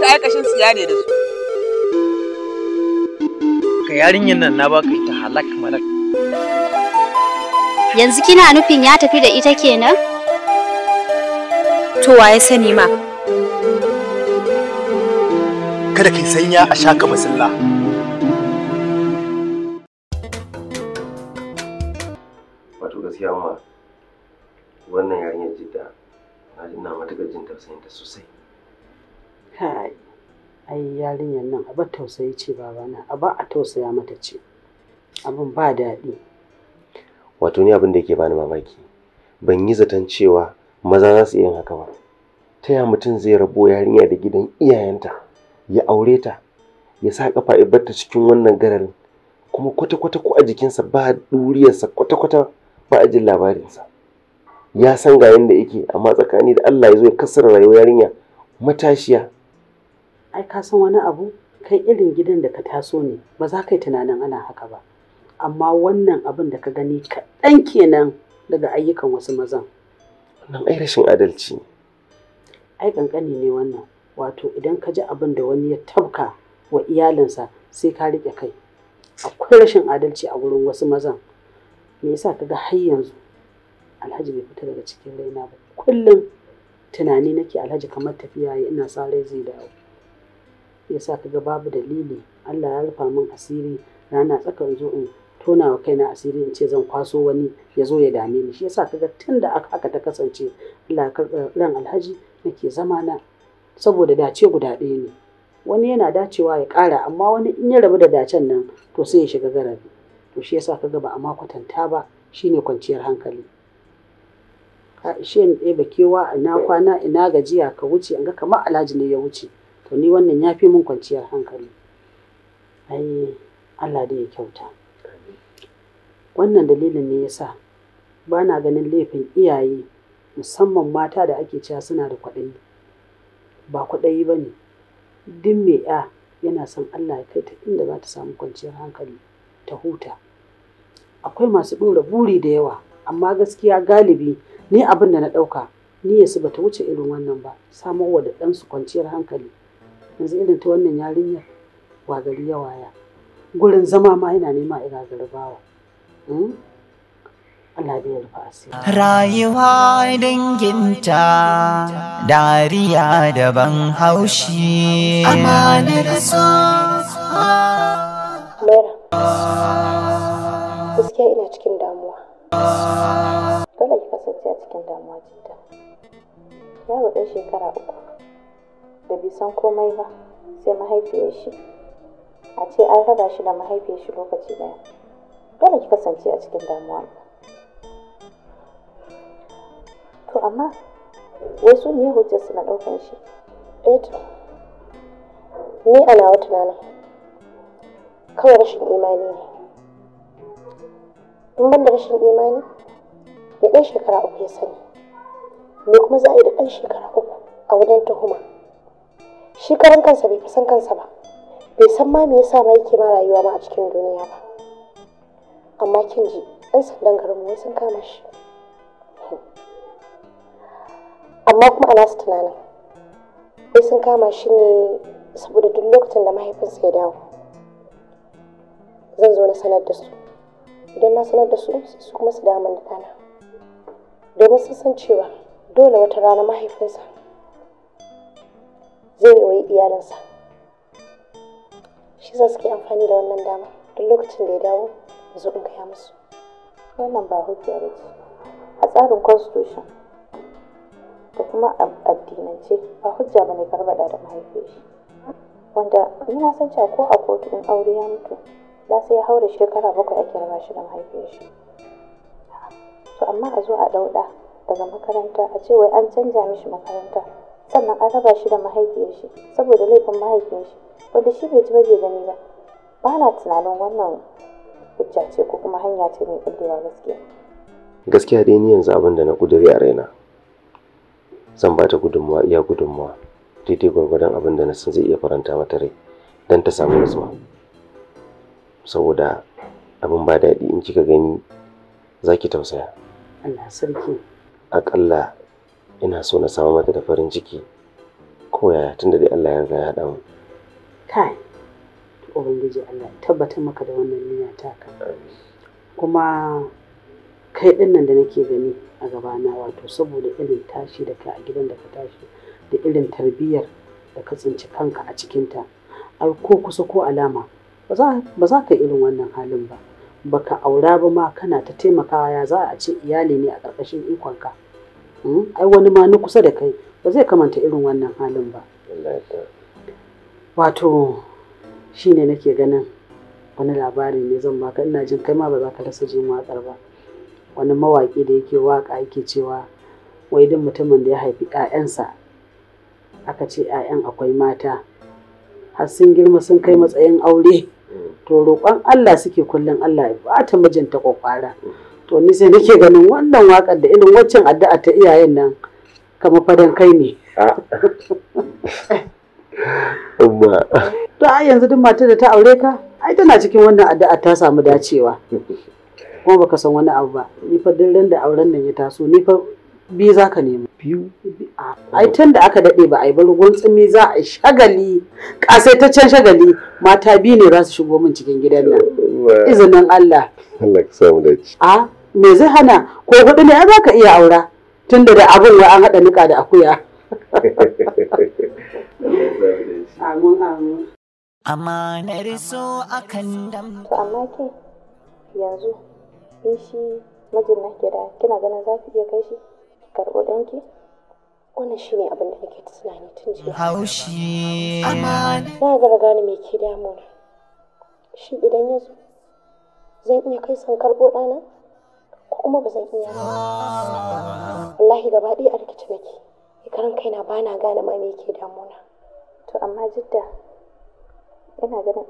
ai kashin su ne da su ka yarinyar nan na baka ita halak malak yanzu kina nufin ya tafi da ita kenan to waye sani ma kada kai sanya a shaka masalla wato gaskiya ma wannan yarinyar jidda na ji na matuƙar jin tausayinta sosai ta ai yarinyar nan a ba tausayi ce babana a ba a tausaya mata ce abin ba daɗi wato ni abin da yake bani mamaki ban yi zaton cewa maza za su iya yin haka ba ta ya mutum zai rabo yarinya da gidan iyayenta ya aure ta ya sa kafa ya cikin wannan gararin kuma kwata-kwata ko a jikinsa ba duriyarsa kwata-kwata ba a jin labarinsa ya san ga yadda yake amma tsakani da Allah ya zo ya kasar rayuwar yarinya matashiya ai ka san wani abu kai irin gidan da ka taso ne ba za ka yi tunanin ana haka ba amma wannan abin da ka gani kaɗan kenan daga ayyukan wasu mazan nan ai rashin adalci ai kankani ne wannan wato idan ka ji abin da wani ya tabka wa iyalinsa sai ka riƙe kai akwai rashin adalci a wurin wasu mazan me yasa ka ga har yanzu alhaji bai fita daga cikin raina ba kullum tunani nake alhaji kamar tafiya ina sa rai zai dawo ya sa kaga babu dalili Allah ya rufa min asiri rana tsakar zo in tona wa kaina asiri in ce zan kwaso wani ya zo ya dame ni shi yasa kaga tun da aka ta kasance Allah ya karɓa ran alhaji nake zama na saboda dace guda ɗaya ne wani yana dacewa ya ƙara amma wani in ya rabu da dacen nan to sai ya shiga garabi to shi yasa kaga ba a ma kwatanta ba shine kwanciyar hankali ka ishe ni bakewa kewa na kwana ina gajiya ka wuce in ga kamar alhaji ne ya wuce to ni wannan ya fi mun kwanciyar hankali ai Allah da ya kyauta wannan dalilin ne yasa ba na ganin laifin iyaye musamman mata da ake cewa suna da kwaɗayi ba kwaɗayi ba ne duk mai ya yana son Allah ya kai ta inda za ta samu kwanciyar hankali ta huta akwai masu ɗora buri da yawa amma gaskiya galibi ni abin da na ɗauka niyyarsu ba ta wuce irin wannan ba samowa da ɗansu kwanciyar hankali yanzu irin ta wannan yarinyar wa gari ya waya gurin zama ma yana nema ira garbawa hmm? Allah bai rayuwa danginta dariya daban haushi amanar so gaskiya ina cikin damuwa dole ki kasance a cikin damuwa jidda yaro ɗan shekara uku da bai san komai ba sai mahaifiyar shi a ce an raba shi da mahaifiyar shi lokaci ɗaya dole ki kasance a cikin damuwa to amma wasu ne hujjar suna ɗaukan shi eto eh ni a nawa tunanin kawai rashin imani ne in ban da rashin imani da ɗan shekara uku ya sani me kuma za a yi da ɗan shekara uku a wajen tuhuma shi karan kansa bai san kansa ba bai san ma me yasa ma yake ma rayuwa ma a cikin duniya ba amma kin ji ɗan sandan garinmu wai sun kama shi amma kuma a nasu tunanin wai sun kama shi ne saboda duk lokacin da mahaifinsa ya dawo zan zo na sanar da su idan na sanar da su su kuma su damu da ɗana domin sun san cewa dole wata rana mahaifinsa zai yoyi iyalinsa shi za ke amfani da wannan dama duk lokacin da ya dawo zo in kaya musu wannan ba hujja ba ce a tsarin constitution da kuma addinance ba hujja ba ne karbada da mahaifiyar shi wanda ni na san cewa ko a kotu in aure ya mutu za sai ya haura shekara bakwai ake raba shi da mahaifiyar shi to amma a zo a ɗauɗa daga makaranta a ce wai an canja mishi makaranta sannan an raba shi da mahaifiyarshi saboda laifin mahaifiyarshi wanda shi bai ji bai gani ba ba na tunanin wannan hujja ce ko kuma hanya ce mai kullewa gaskiya gaskiya dai ni yanzu abin da na kuduri a raina zan ba ta gudunmuwa iya gudunmuwa daidai gwargwadon abin da na san zai iya faranta mata rai don ta samu nutsuwa saboda abin ba daɗi in kika gani za ki tausaya Allah sarki aƙalla ina so na samu mata da farin ciki ko yaya tunda dai Allah ya riga ya haɗa mu kai to ubangiji Allah ya tabbatar maka da wannan niyya taka kuma kai din nan da nake gani a gabana wato saboda irin tashi da ka a gidan da ka tashi da irin tarbiyyar da ka tsinci kanka a cikinta ai ko kusa ko alama ba za ka irin wannan halin ba baka aura ba ma kana ta taimakawa ya za a ce iyali ne a ƙarƙashin ikonka Hmm? ai wani ma na kusa da kai ba zai kamanta irin wannan halin ba wato shi ne nake ganin wani labari ne zan baka ina jin kai ma ba za ka rasa jin waƙar ba wani mawaƙi da yake waƙa yake cewa wai din mutumin da ya haifi 'ya'yansa aka ce 'ya'yan akwai mata har sun girma sun kai matsayin aure hmm. to roƙon Allah suke kullum Allah ya bata mijinta kwakwara hmm. to ni sai nake ganin wannan wakar da irin waccan addu'a ta iyayen nan kama fadan kai ne ah. to a yanzu duk matar da ta aure ka ai tana cikin wannan addu'a ta samu dacewa kuma baka san wani abu ba ni fa duk ran da auren nan ya taso ni fa biyu za ka nemi biyu ah. ai tun da aka daɗe ba a yi balgon tsimi za a shagali ƙasaitaccen shagali mata biyu ne za su shigo min cikin gidan nan izinin Allah Allah ka samu dace a ah. me zai hana ko hudu ne za ka iya aura tunda da abin wa an haɗa nika da akuya amma na riso a kan to amma ke yanzu in shi majin na ke kina ganin za ki iya kai shi karɓo ɗanki wannan shi ne abin da nake ta tunani tun jiya haushi amma na gaba gane me ke damuna shi idan ya zo zan iya kai san karɓo ɗana kuma ba zan iya ba ah. wallahi gaba ɗaya a rikice nake karan kaina ba na gane ma me yake damuna to amma jidda ina ganin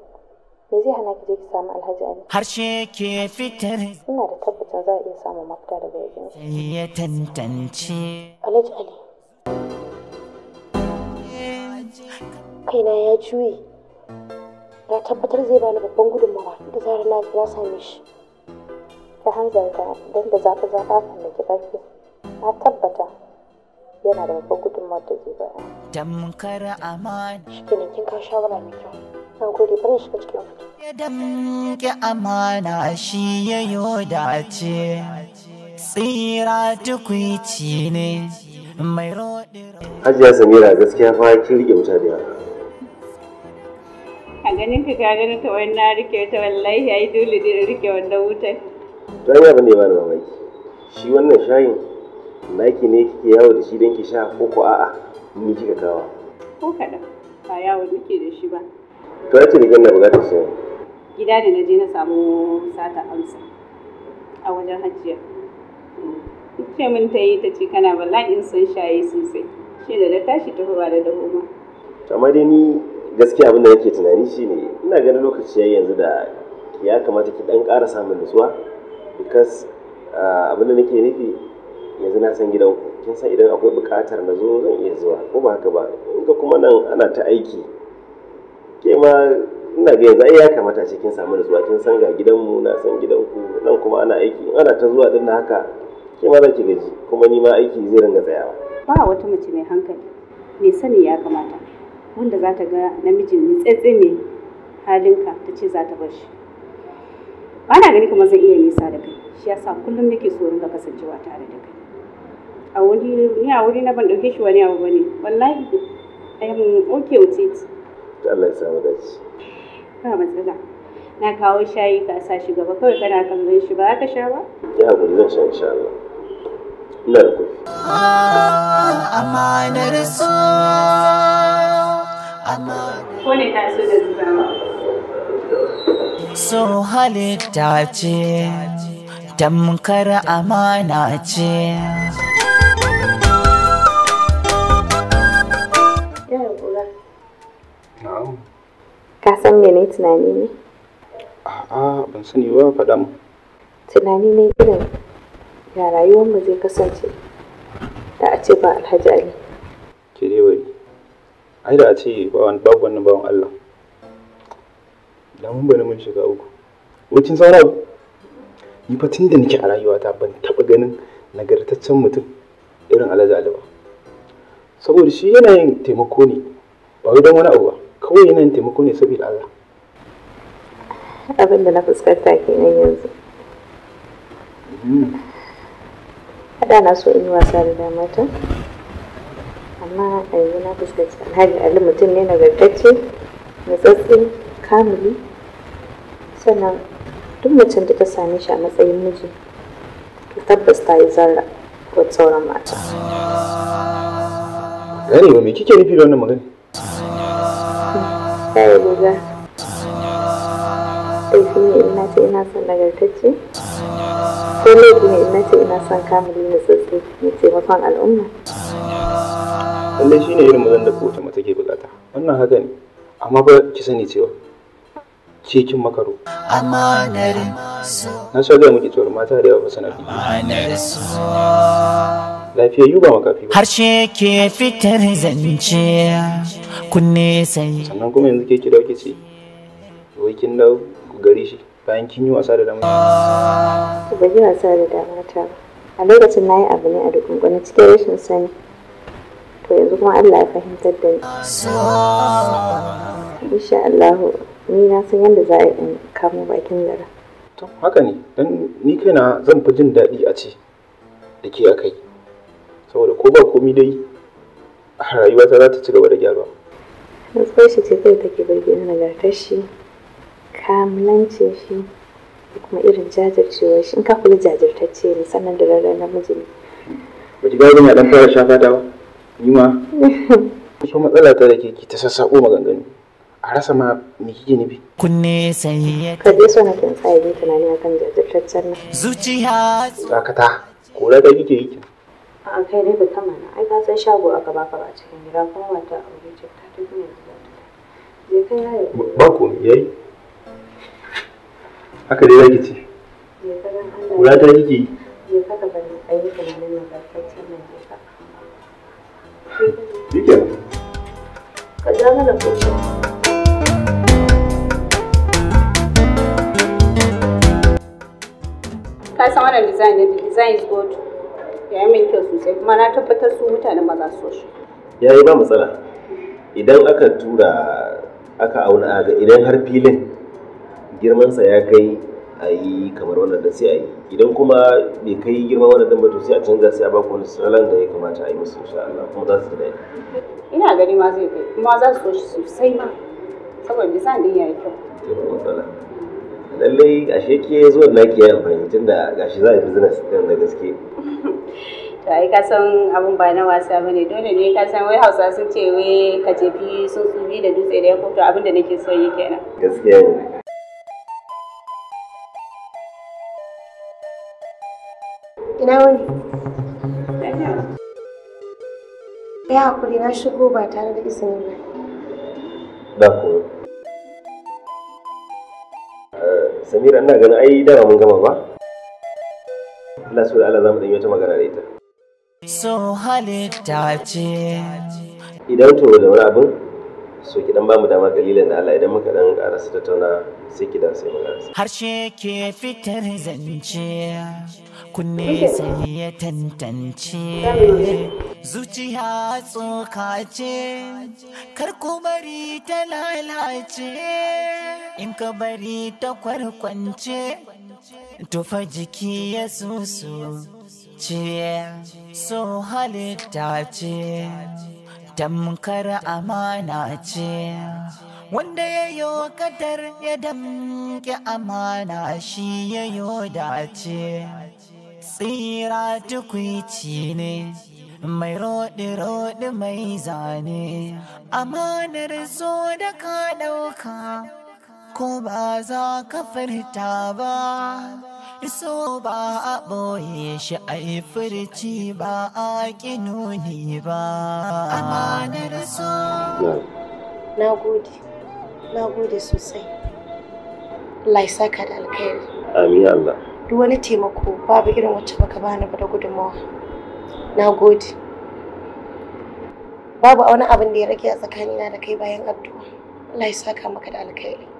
me zai hana ki je ki samu alhaji ali harshe ke fitar ina da tabbacin za a iya samun mafita daga wajen shi ya tantance alhaji ali kaina ya juye na tabbatar zai bani babban gudunmawa da zarar na same shi ta hanzarta don da zafi zafa mallaki ƙarfi na tabbata yana da babban gudunmawar da zai baya. Damkar amana. Shi kin kawo shawara mai kyau. Na gode bari shiga cikin fito. Ya damke amana shi ya yi dace. Tsira tukwici ne mai roɗe. Hajiya Samira gaskiya fa kin rike mutane yara. A ganin ka ka ganin ta wani na rike ta wallahi ai dole da rike wanda wutar. to an abin da ya bani mamaki shi wannan shayin naki ne kike yawo da shi don ki sha ko ko a'a ni kika kawo ko kaɗan ba yawo nake da shi ba to ya ce da na buƙatar sayan gida da na je na samu sata amsa a wajen hajiya ce min ta yi ta ce kana bala'in son shaye sosai shi da da tashi ta ba da dahu ma amma dai ni gaskiya abin da nake tunani shine ina ganin lokaci yayin yanzu da ya kamata ki dan ƙara samun nutsuwa because uh, abin da nake nufi yanzu na san gidanku kin san idan akwai bukatar na zo zan iya zuwa ko ba haka ba in kuma nan ana ta aiki ke ma ina ga yanzu ai ya kamata ce kin samu nutsuwa kin san ga gidanmu na san gidanku nan kuma ana aiki in ana ta zuwa din na haka ke ma gaji kuma ni ma aiki zai ringa tsayawa ba wata mace mai hankali me sani ya kamata wanda za ta ga namijin tsetse mai halinka ta ce za ta bar shi ba na gani kamar zan iya nisa da kai shi yasa kullum nake so ringa kasancewa tare da kai a wuri ni a wuri na ban dauke shi wani abu bane wallahi I am okay with it Allah ya samu dace ba matsala na kawo shayi ka sa shi gaba kawai kana kallon shi ba ka sha ba ya gudu zan sha insha Allah ina da kofi ah, so ko ne ta so da zuwa so halitta ce tamkar amana ce ka san mene tunani ne? a'a ban sani ba faɗa mu tunani ne irin ya rayuwarmu zai kasance da a ce ba alhaji ali ki dai wai ai da a ce ba wani babu wannan bawan Allah na mun mun shiga uku wucin saura ni fa tun da nake a rayuwata ban taɓa ganin nagartaccen mutum irin alhaji aliba saboda shi yana yin taimako ne ba wai don wani abu ba kawai yana yin taimako ne saboda Allah abin da na fuskanta ke nan yanzu da na so in yi wasa da damata amma a yi na fuskanta alhaji ali mutum ne nagartacce mai tsatsi kamili sannan duk mutum da ta same shi a matsayin miji ta tabbas ta yi zarra wa sauran mata ganewa me kike nufi da wannan magana ya yi riga laifi ne ina ce ina son nagartacce ko laifi ne ina ce ina son kamuli na tsotsi na taimakon al'umma lallai shine irin mazan da kowace mata ke bukata wannan haka ne amma ba ki sani cewa cikin makaro. Na so gaya muke tsoron mata da yawa ba sanar. Lafiya yu ba makafi ba. Harshe ke fitar zance kunne sai. Sannan kuma yanzu ke kira ke ce wai kin ku gari shi bayan kin yi wasa da dama. Ba yi wasa da damar ta ba. a lokacin na yi abu ne a dukunkuna cikin rashin sani to yanzu kuma Allah ya fahimtar da ni insha Allah ni na san yadda za a yi kamo bakin zara. To haka ne, don ni kaina zan fi jin daɗi a ce da ke a kai. Saboda ko ba komi dai a ta za ta ci gaba da gyaruwa. Nutsuwar shi ce kai take bayyana nagartar shi, kamilancin shi, da kuma irin jajircewa shi. In ka kula jajirtacce ne sannan da rarra namiji ne. Ba ki gani na ɗan fara shafa ta ba? Ni ma. Kuma matsala ta da ke ki ta sassaƙo maganganu. a rasa ma me kike nufi kunne sai ka je so na kin tsaye ne tunani akan jajirtaccen nan zuciya ta. kora da kike yi a kai dai ba kama na ai ka san shago aka baka ba cikin gida kuma ta aure ce ta tafi ne je kan yayi ba ko haka dai zaki ce kura ta yi je ka ka bani ayi tunanin nan je ka Thank you. ka san wannan design din design is good ya yi min kyau sosai kuma na tabbatar su mutanen ba za su so shi ya yi ba matsala idan aka tura aka auna aga idan har filin girmansa ya kai a yi kamar wannan da sai a yi idan kuma bai kai girman wannan dan ba to sai a canza sai a ba ku wani salon da ya kamata a yi musu insha Allah kuma za su da ina gani ma zai kai kuma za su so shi sosai ma saboda design din ya yi kyau lallai ashe ke zuwa na ke amfani tun da gashi za a yi business ɗin da gaske to yi ka san abun ba na wasa ba ne dole ne kasan wai hausa sun ce wai ka jefi sun tsubi da dutse da ya kuto abin da nake so yi kenan gaskiya ne ina wani ya haƙuri na shigo ba tare da izini ba da kuma samira ina ganin ai dama mun gama ba Allah su Allah za mu ɗanyi wata magana da ita so halitta ce idan to da wani abin so ki dan bamu dama kalilan da Allah idan muka dan ƙara su tattauna sai ki dan sai magana harshe ke fitar zance kunne sai ya tantance zuciya tsoka ce kar ku bari ta lalace in ka bari ta kwarkwance tufa jiki ya susu ce so halitta ce tamkar amana ce wanda ya yi kadar ya damke amana shi ya yi dace tsira tukwici ne mai rodi rodi mai zane amanar zo da ka ɗauka ko ba za ka ba so ba a boye shi a yi furci ba a ƙinoni ba amanar so na gode na gode sosai Allah saka da alkhairi amin Allah duk wani taimako babu irin wacce baka bani ba da gudunmawa na gode babu wani abin da ya rage a tsakanina da kai bayan addu'a Allah saka maka da alkhairi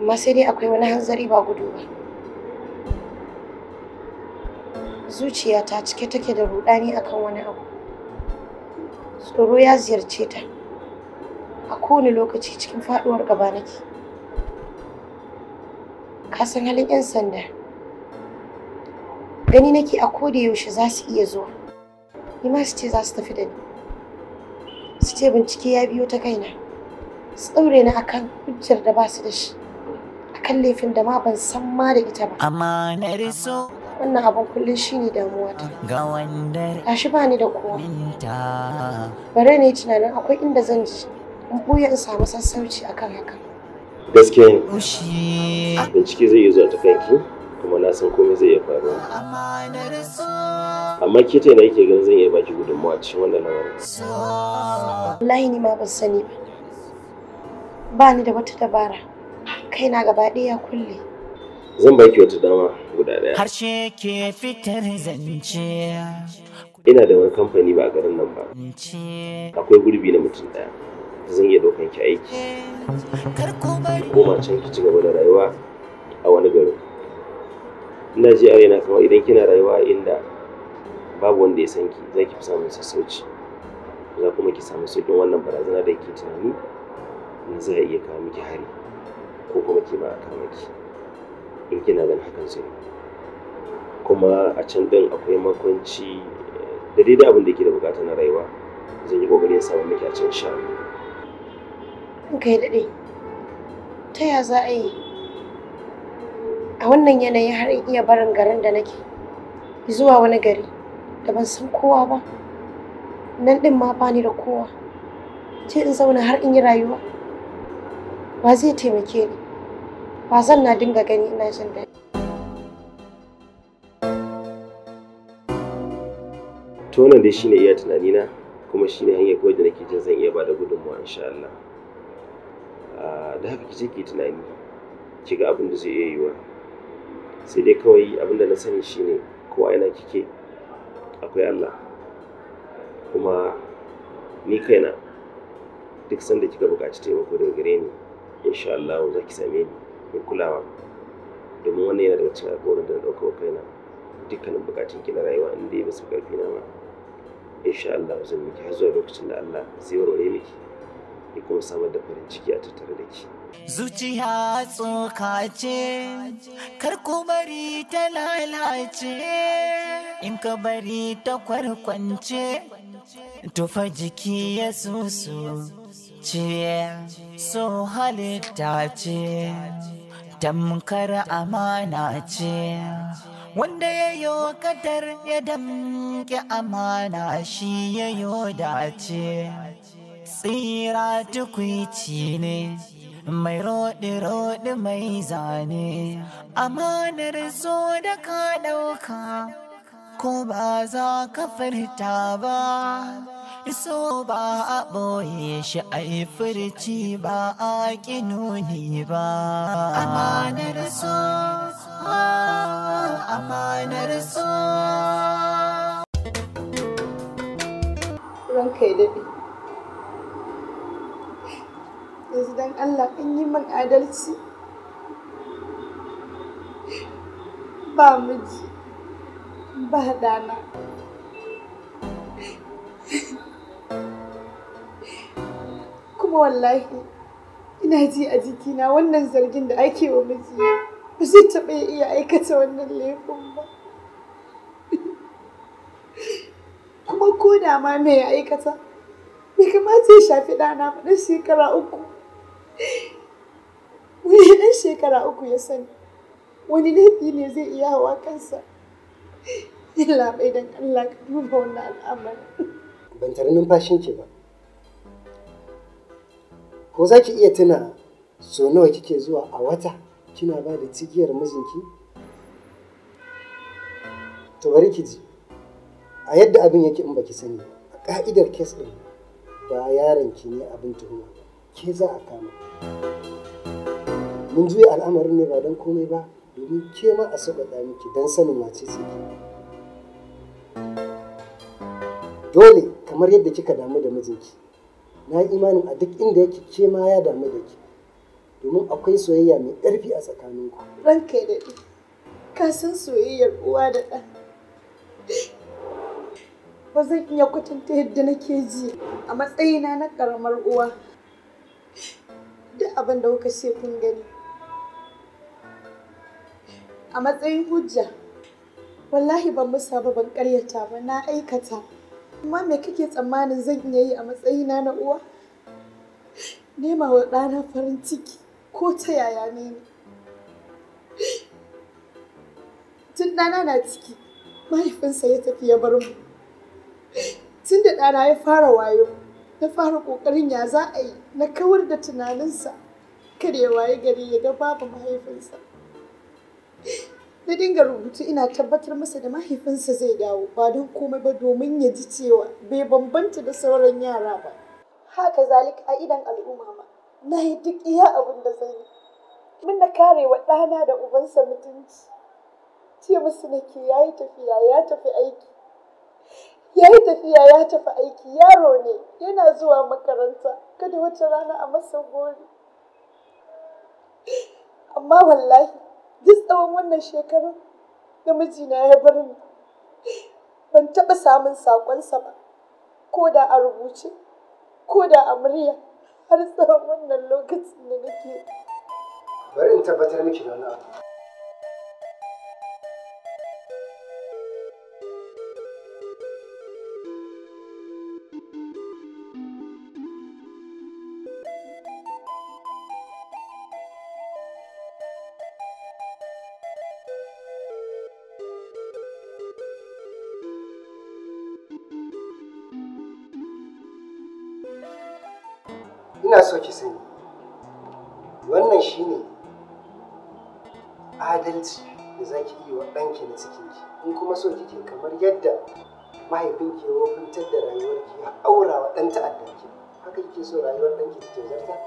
amma sai dai akwai wani hanzari ba gudu ba zuciyata cike take da rudani akan wani abu tsoro ya ziyarce ta a kowane lokaci cikin faduwar gaba nake ka san halin 'yan sanda gani nake a koda yaushe za su iya zuwa ni ma su ce za su tafi da ni su ce bincike ya biyo ta kaina su ɗaure ni akan hujjar da ba su da shi akan laifin da ma ban san ma da ita ba amma na riso wannan abin kullum shine damuwa ta ga wanda tashi ba ni da kowa bare ne tunanin akwai inda zan ji in buya in samu sassauci akan haka gaskiya ne bincike zai iya zuwa ta kanki kuma na san komai zai iya faruwa amma ke ta yana yake ganin zan iya baki gudunmawa cikin wannan lamarin wallahi ni ma ban sani ba ba ni da wata dabara kaina gaba ɗaya kulle zan baki wata dama guda ɗaya harshe ke fitar zance ina da wani kamfani ba a garin nan ba akwai gurbi na mutum ɗaya zan iya ɗaukan ki aiki koma can ki ci gaba da rayuwa a wani garin ina ji a raina kamar idan kina rayuwa inda babu wanda ya san ki za ki fi samun sassauci za kuma ki samu sauƙin wannan barazana da ke tunani na za a iya kawo miki hari ko kuma ki ba a kan yaki in kina ganin hakan sai kuma a can din akwai makwanci eh, da daidai abin da ke da bukata na rayuwa zan yi kokarin samun miki a can sha kai daɗe ta ya za a yi a wannan yanayi har in iya barin garin da nake zuwa wani gari da ban san kowa ba nan ɗin ma bani da kowa ce in zauna har in yi rayuwa Ba zai taimake ni ba zan na dinga gani ina jin daɗi to wannan dai shine iya tunanina kuma shine hanyar kawai da nake jin zan iya bada gudunmawa insha Allah ah, da haka ki ki tunani ki ga abin da zai iya yiwa sai dai kawai abin da na sani shine ko a ina kike akwai Allah kuma ni kaina duk sanda kika buƙaci taimako daga gare ni insha Allah za same ni mai kulawa domin wannan yana daga cikin alƙawarin da na ɗauka wa kaina dukkanin buƙatun ki na rayuwa in dai basu ƙarfi na ma insha Allah zan miki har zuwa lokacin da Allah zai warware miki ya kuma samar da farin ciki a tattare da ki. Zuciya tsoka ce, kar ku bari ta lalace, in ka bari ta kwarkwance, tufa jiki ya susu ce, so halitta ce. tamkar amana ce wanda ya yo kadar ya damke amana shi ya yo dace tsira tukwici ne mai roɗi-roɗi mai zane amanar zo da ka ɗauka ko ba za ka furta ba iso ba a ɓoye shi a yi furci ba a nuni ba amanar so amanar so ranka ya daɗe yanzu don allah kan yi man adalci ba miji ba dana kuma wallahi ina ji a jikina wannan zargin da ake wa miji ba zai taɓa iya aikata wannan laifin ba kuma ko da ma me ya aikata bai kamata ya shafi ɗana ba ɗan shekara uku wani ɗan shekara uku ya sani wani laifi ne zai iya hawa kansa yin labai don Allah ka duba wannan al'amarin ban tare numfashinki ba ko za iya tuna so nawa kike zuwa a wata kina ba da cigiyar mijinki to bari ki ji a yadda abin yake in baki sani a ka'idar kes ɗin ba yaron ki ne abin tuhuma ke za a kama mun juya al'amarin ne ba don komai ba domin ke ma a sauƙaƙa miki don sanin wace ce ki dole kamar yadda kika damu da mijinki na yi imanin a duk inda yake ce ma ya damu da ki domin akwai soyayya mai ƙarfi a tsakaninku ranka ya daɗi ka san soyayyar uwa da ɗa ba zan iya kwatanta yadda nake ji a matsayina na ƙaramar uwa duk abin da kuka ce kun gani a matsayin hujja wallahi ban musa ba ban karyata ba na aikata Amma me kake tsammanin zan iya yi a matsayina na uwa? Nema wa ɗana farin ciki ko ta yaya ne ni. Tun ɗana na ciki, mahaifinsa ya tafi ya bar mu. Tun da ɗana ya fara wayo, na fara ƙoƙarin ya za a yi na kawar da tunaninsa. Kada ya waye gari ya ga babu mahaifinsa. na dinga rubutu ina tabbatar masa da mahaifinsa zai dawo ba don komai ba domin ya ji cewa bai bambanta da sauran yara ba haka zalik a idan al'umma ma na yi duk iya abin da zai yi min na kare wa ɗana da ubansa mutunci ce musu nake ya yi tafiya ya tafi aiki ya yi tafiya ya tafi aiki yaro ne yana zuwa makaranta kada wata rana a masa gori amma wallahi duk tsawon wannan shekarun da mijina ya bar ni ban taɓa samun saƙonsa ba ko da a rubuce ko da a murya har tsawon wannan lokacin da nake bari in tabbatar miki da wani abu ina so ki sani wannan shine adalci da zaki yi wa ɗanki na cikin ki, in kuma so kike kamar yadda mahaifinki ya wofintar da rayuwarki ya aura wa ɗan ta'addanki haka kike so rayuwar ɗanki ta zarta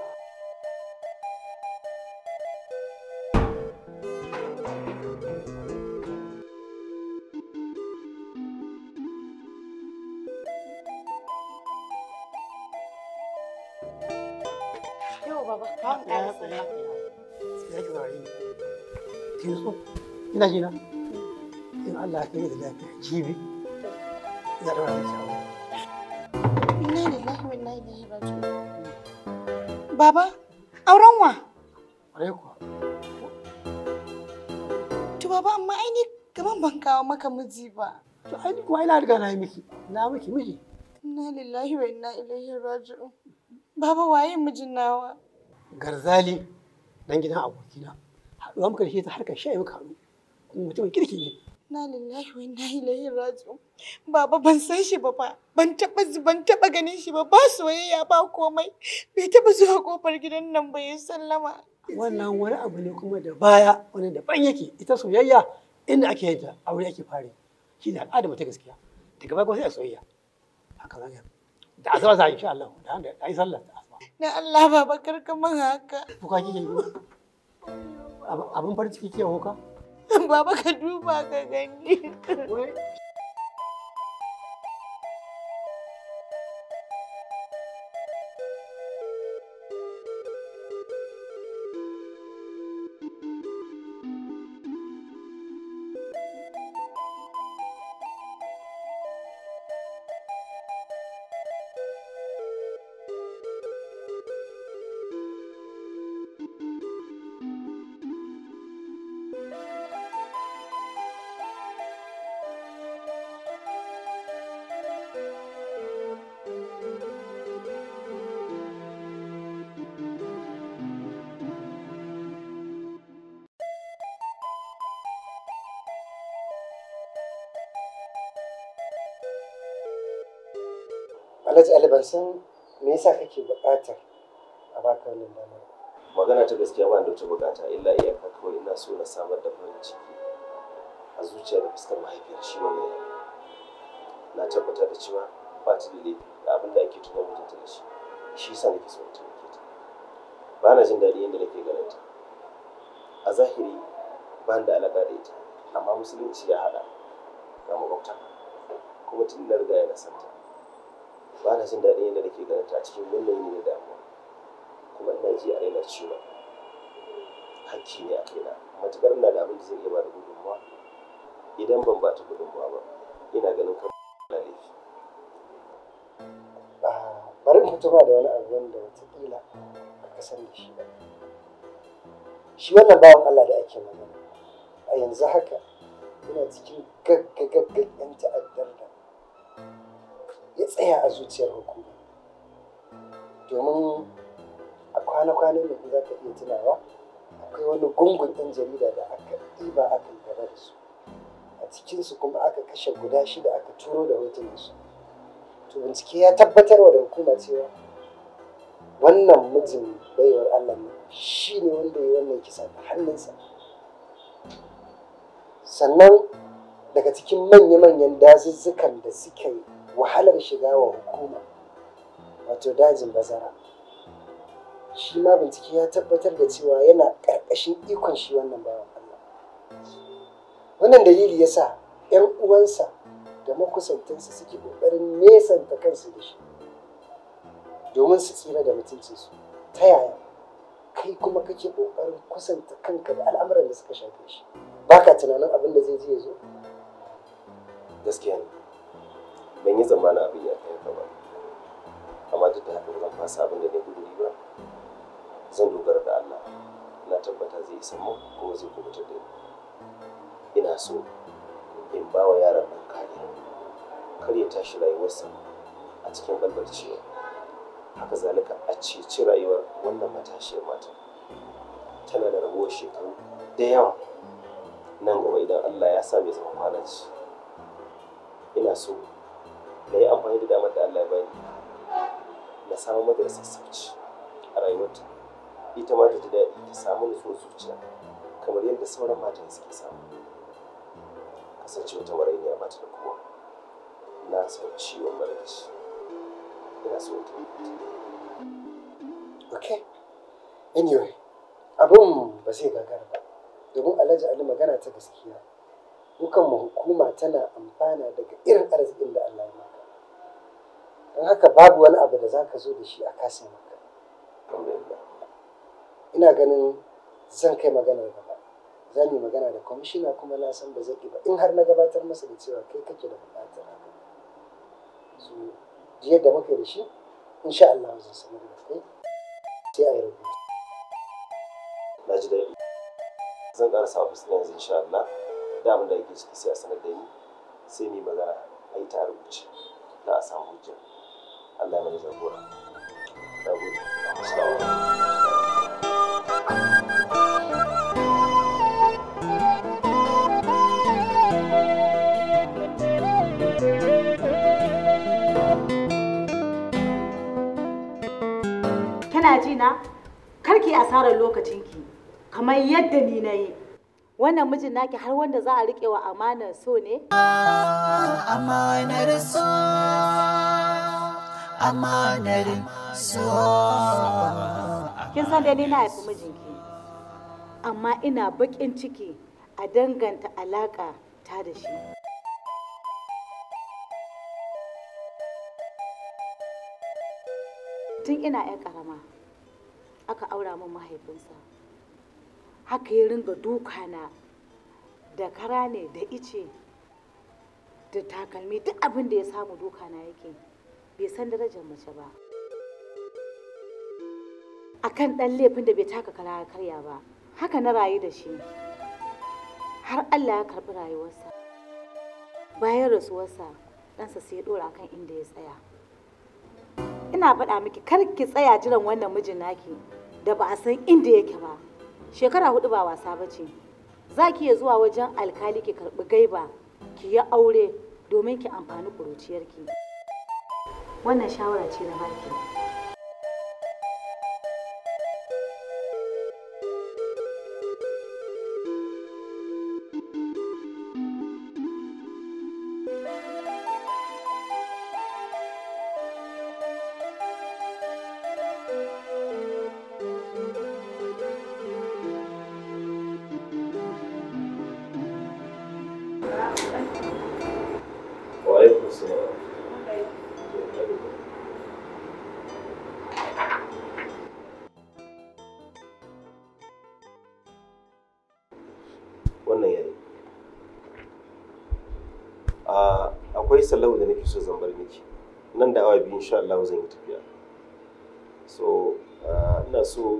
Ina jina in Allah ya kai da lafiya jibi za ta wani shawo inna lillahi wa inna ilaihi raji'un baba auren wa ai kuwa to baba amma ai ni gaban ban kawo maka miji ba to ai ni kuwa ina riga na yi miki na miki miji inna lillahi wa inna ilaihi raji'un baba waye mijin nawa garzali dan gidan abokina haɗuwa muka da shi ta harkar sha'i muka haɗu mutum kirki ne na lillahi wa inna ilaihi raji'un baba ban san shi ba fa ban taba ban taba ganin shi ba ba soyayya ba komai bai taba zuwa kofar gidan nan ba ya sallama wannan wani abu ne kuma da baya wani ban yake ita soyayya inda ake yin ta aure ake fare shi ne al'ada ta gaskiya daga baya kuma sai a soyayya haka zaka da asaba za a insha Allah da da ai sallah da na Allah baba karka man haka kuka kike abin farin ciki kike hoka Baba ka duba ka gani. ban me yasa kake buƙatar a baka wannan damar magana ta gaskiya ba da wata bukata illa iyaka kawai ina so na samar da farin ciki a zuciya da fuskar mahaifiyar shi wannan na tabbata da cewa ba ta da laifi da abin da ake tuba mutunta da shi shi yasa nake so ta nake ta ba na jin daɗi yadda nake ganin ta a zahiri ba da alaƙa da ita amma musulunci ya haɗa ga maƙwabta kuma tun da riga ya nasanta ba na jin daɗin yadda nake ganin ta a cikin wannan yini da damuwa kuma ina ji a raina cewa hakki ne a kaina matuƙar ina da abin da zan iya ba da gudunmawa idan ban ba ta gudunmawa ba ina ganin kan na laifi ah, bari in fito ba da wani abu wanda wataƙila ba ka san da shi ba shi wannan bawan Allah da ake magana a yanzu haka yana cikin gaggagaggan ta'addar da ya tsaya a zuciyar hukuma domin a kwana-kwanan da za ka iya tunawa akwai wani gungun ɗan jarida da aka ɗiba aka yi gaba da su a cikinsu kuma aka kashe guda shida aka turo da hotunansu to bincike ya tabbatar wa da hukuma cewa wannan mijin baiwar allah ne shi ne wanda ya wannan kisa da hannunsa sannan daga cikin manya-manyan dazuzzukan da suka wahalar shiga wa hukuma wato dajin bazara shi ma bincike ya tabbatar da cewa yana ƙarƙashin ikon shi wannan bawan Allah wannan dalili ya sa 'yan uwansa da makusantansa suke ƙoƙarin nesanta kansu da shi domin su tsira da mutuncinsu ta yaya kai kuma kake ƙoƙarin kusanta kanka da al'amuran da suka shafe shi baka tunanin abin da zai je ya zo gaskiya ne ban yi zamanin abin ya kai haka ba amma duk da haka ba zan fasa abin da na guduri ba zan dogara da Allah na tabbata zai isa mu kuma zai kubutar da ni ina so in ba wa yaran nan kariya kar ya tashi rayuwarsa a cikin balbalcewa haka zalika a ceci rayuwar wannan matashiyar mata tana da rabuwar shekaru da yawa nan gaba idan Allah ya sa mai zama malaci ina so amfani da damar da Allah ya bani na samu mata da sassauci a rayuwarta ita ma ta ji daɗi ta samu nutsuwar zuciya kamar yadda sauran matan suke samu kasancewa wata warainiya ba ta da kowa na san ciwon maraici ina so ta okay anyway abun ba zai gagara ba domin alhaji ali magana ta gaskiya dukan hukuma tana amfana daga irin arzikin da Allah ya maka don haka babu wani abu da za ka zo da shi a kasa maka ina ganin zan kai magana gaba zan yi magana da kwamishina kuma na san ba zai ba in har na gabatar masa da cewa kai kake da bukatar haka Su jiya da muka da shi in sha Allah zan samu da kai sai a yi rubutu na ji daɗi zan ofis na yanzu insha Allah da abin da yake ciki sai a sanar da ni sai ni magana a yi ta rubuce da a samu hujjar. Allah mai zagora. na Kana ji na? Karki asarar lokacinki, kamar yadda ni na yi. Wannan mijin naki har wanda za a riƙe wa amanar so ne? Amanar so. amanar zuwa kin san dai na haifi mijinki amma ina baƙin ciki a danganta alaƙa ta da shi tun ina 'yan karama aka aura min mahaifinsa haka ya ringa duka na da kara ne da ice da takalmi duk abin da ya samu duka na yake bai san darajar mace ba akan ɗan laifin da bai taka kara karya ba haka na rayu da shi har Allah ya karɓi rayuwarsa bayan rasuwarsa ɗansa sai ya ɗora akan inda ya tsaya ina faɗa miki kar ki tsaya jiran wannan mijin naki da ba a san inda yake ba shekara hudu ba wasa ba ce za ki iya zuwa wajen alkali ki karɓi gaiba ki yi aure domin ki amfani ƙuruciyarki. wannan shawara ce na baki lau da nake so zan bar miki nan da awa biyu insha Allah zan yi tafiya so ah, ina so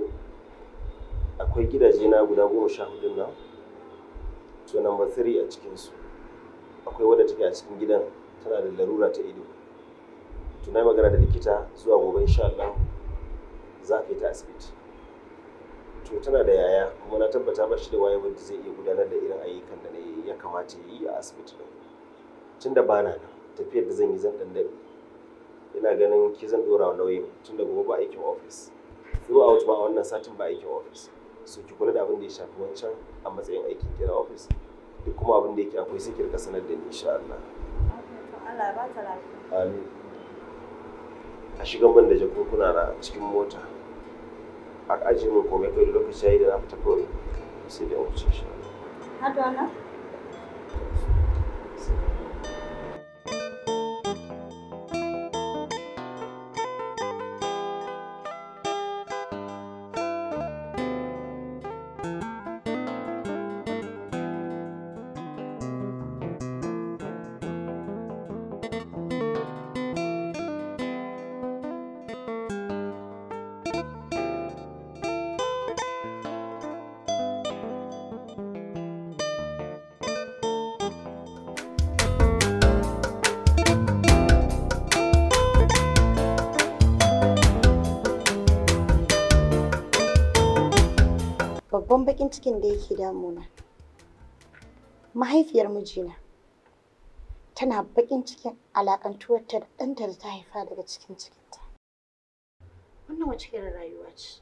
akwai gidaje na guda goma sha hudun nan to number three a cikinsu akwai wadda take a cikin gidan tana da larura ta ido to na magana da likita zuwa gobe insha Allah za ka yi ta asibiti to tana da yaya kuma na tabbata ba shi da waye wanda zai iya gudanar da irin ayyukan da ya kamata ya yi a asibiti tun da bana nan tafiyar da zan yi zan dan yana ina ganin ki zan ɗora wa nauyin tun da gobe ba aikin ofis zuwa out ba wannan satin ba aikin ofis so ki kula da abin da ya shafi wancan a matsayin aikin kira ofis duk kuma abin da yake akwai sai ki rika sanar da ni insha Allah amin a shigan ban da jakunkuna na cikin mota a ajiye min komai kai lokaci yayi da na fita kawai sai da wuce shi har da bakin cikin da yake damuna. Mahaifiyar mijina tana baƙin cikin alaƙantuwarta da ɗanta da ta haifa daga cikin cikinta. Wannan wace irin rayuwa ce?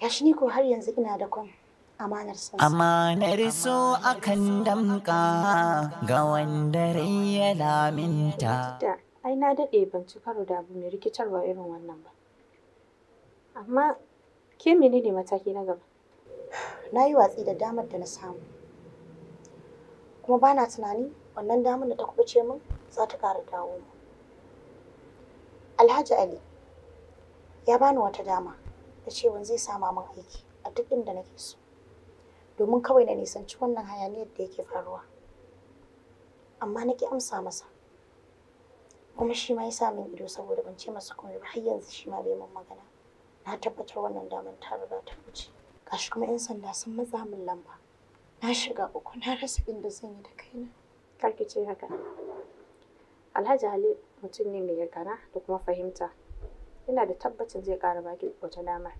Gashi ni ko har yanzu ina da kwan amanar sa. Amanar so akan damƙa ga wanda rai ya laminta. Ai na daɗe ban ci karo da abu mai rikitarwa irin wannan ba. Amma ke menene mataki na gaba? na yi watsi da damar da na samu kuma ba na tunani wannan damar da ta kubuce min za ta ƙara dawo mu alhaji ali ya bani wata dama da cewa zai sama min aiki a duk inda nake so domin kawai na nisanci wannan hayaniyar da yake faruwa amma na ki amsa masa kuma shi ma ya sa min ido saboda ban ce masa komai ba har yanzu shi ma bai min magana na tabbatar wannan damar ta riga ta wuce gashi kuma 'yan sanda sun matsa min lamba na shiga uku na rasa inda zan yi da kaina karki ce haka alhaji ali mutum ne mai yarkana da kuma fahimta ina da tabbacin zai ƙara baki wata dama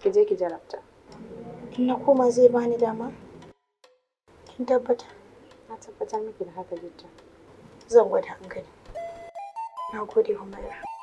ki je ki jarabta in na koma zai bani dama kin tabbata na tabbatar miki da haka jidda zan gwada gani. na gode humaira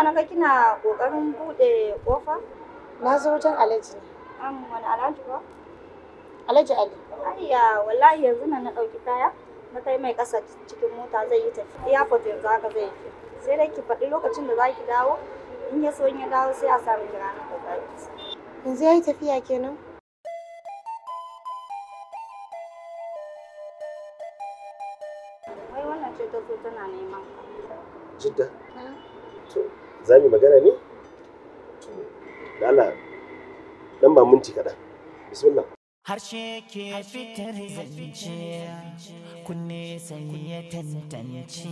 yasa na ga kina kokarin bude kofa? Na zo wajen Alhaji ne. wani Alhaji ba? Alhaji Ali. Aliya wallahi yanzu na na dauki kaya na kai mai kasa cikin mota zai yi tafi. Ya fito yanzu haka zai yi. Sai dai ki faɗi lokacin da za ki dawo in ya so in ya dawo sai a samu rana kokari. Yanzu ya yi tafiya kenan? za mu magana ne da Allah dan ba minti kaɗan bismillah harshe ke fitar zance kunne sai ya tantance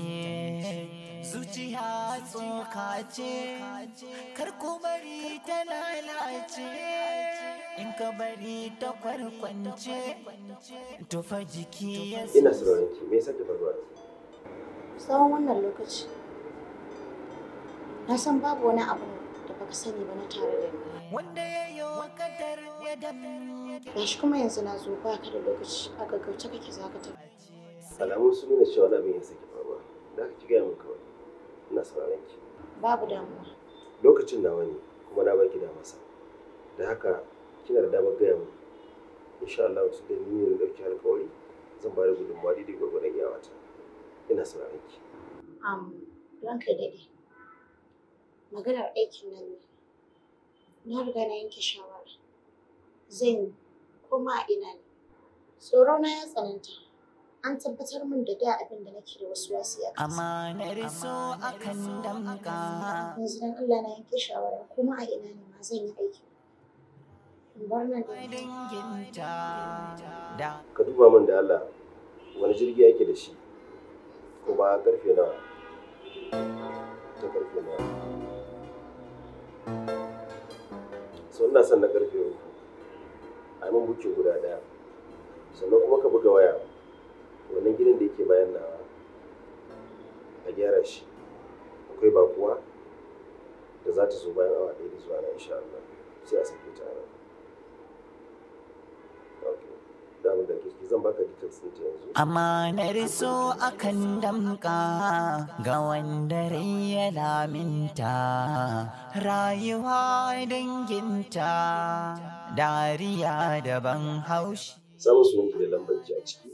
zuciya tsoka ce kar ku bari ta lalace in ka bari ta kwarkwance tufa jiki ya ina sauraron ki me yasa ta faruwa tsawon wannan lokaci na san babu wani abu da baka sani ba na tare da ni wanda ya yi wa kadar ya damar shi kuma yanzu na zo ba ka da lokaci a gaggauce kake za ka tafi alamun sun nuna cewa na abin ya saki faruwa da ka ci gaya min kawai ina sauraron ki babu damuwa lokacin nawa ne kuma na baki da masa da haka kina da damar gaya min insha Allah su da ni ne dauki alƙawari zan ba da gudunmawa daidai gwargwadon yawata ina sauraron ki Amin. ranka daɗe maganar aikin nan ne na riga na yanke shawara zan yi kuma a ina ne tsoro na ya tsananta an tabbatar min da da abin da nake da wasu wasu ya kasa yanzu dan Allah na yanke shawara kuma a ina ne ma zan yi aiki ka duba min da Allah wani jirgi yake da shi kuma karfe nawa ta karfe nawa so ina son na karfe uku a min bukin guda daya sannan kuma ka buga waya wannan gidan da yake bayan nawa a gyara shi akwai bakuwa da za ta zo bayan awa ɗaya da zuwa na insha Allah sai a sake ta nan. faɗa da ke zan baka details ɗin ta yanzu amanar so akan damka ga wanda rai ya laminta rayuwa danginta dariya daban haushi samun sunan ki lambar ki a ciki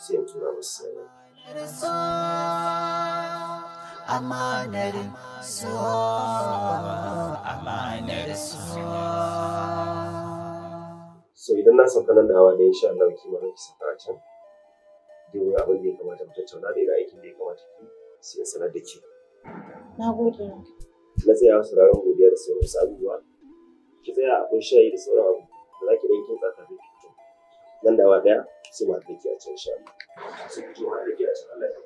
sai in tura masu sanar amanar so amanar so in na sauka nan da hawa da insha Allah ki ba ki saka a can duk abin da ya kamata mu tattauna da aikin da ya kamata ki sai sanar da ki na gode na tsaya wasu ranar godiya da sauran sabuwa ki tsaya a akwai shayi da sauran abu da za ki dan kin tsaka da nan da hawa daya su ma da ki a can insha Allah ki ma da ki a Allah ya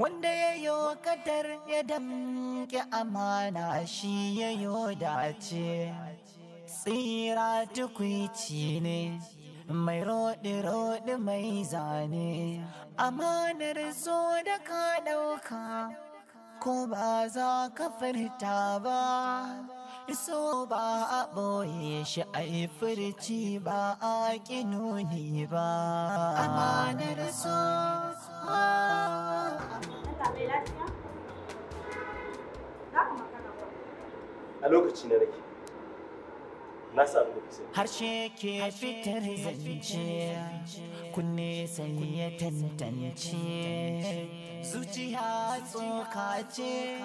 wanda ya yi wa kadar ya damke amana shi ya yi dace tsira tukwici ne mai roɗi-roɗi mai zane amanar zo da ka ɗauka ko ba za ka furta ba so ba a ɓoye shi a yi furci ba a ƙi ba amanar so a lokaci na nake na sa abin da kusa harshe ke fitar zance kunne sai ya tantance zuciya tsoka ce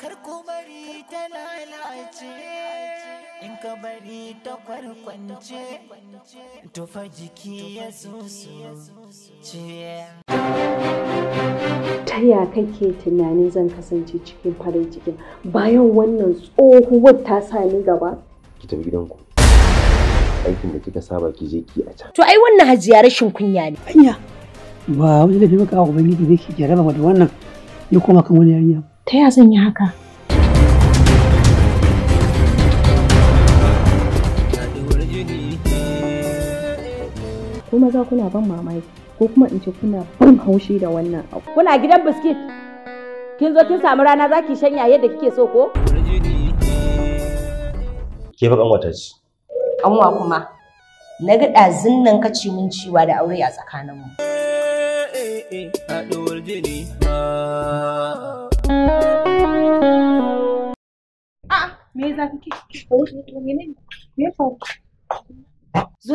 kar ku bari ta lalace in ka bari ta kwance, tufa jiki ya ce. ta ya kake tunanin zan kasance cikin farin cikin bayan wannan tsohuwar ta sa ni gaba ki tafi gidanku aikin da kika saba ki je ki a can to ai wannan hajiya rashin kunya ne hanya ba wani da maka ubangiji ne ke jaraba da wannan ya koma kan wani yarinya ta ya zan yi haka ko maza kuna ban mamaki ko kuma in ce kuna ban haushi da wannan abu kuna gidan biskit kin zo kin samu rana zaki shanya yadda kike so ko ke fa ce kanwa kuma na ga ɗazin nan ka ci min ciwa da aure a tsakaninmu me za ki ke? Me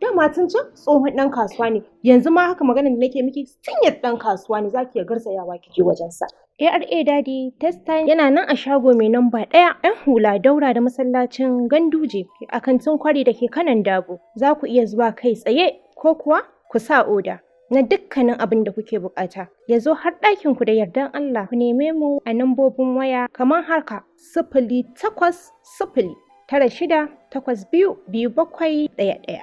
da matan can tsohon dan kasuwa ne yanzu ma haka magana da nake miki sun dan kasuwa ne zaki ya garzayawa kike wajen sa ARA Daddy test time yana nan a shago mai namba ɗaya ‘yan hula daura da masallacin ganduje a kantin kwari da ke kanan dabo za ku iya zuwa kai tsaye ko kuwa ku sa oda na dukkanin abin da kuke bukata ya zo har ɗakin ku da yardan Allah ku neme mu a nambobin waya kamar harka sifili takwas sifili tara shida takwas biyu biyu bakwai ɗaya ɗaya.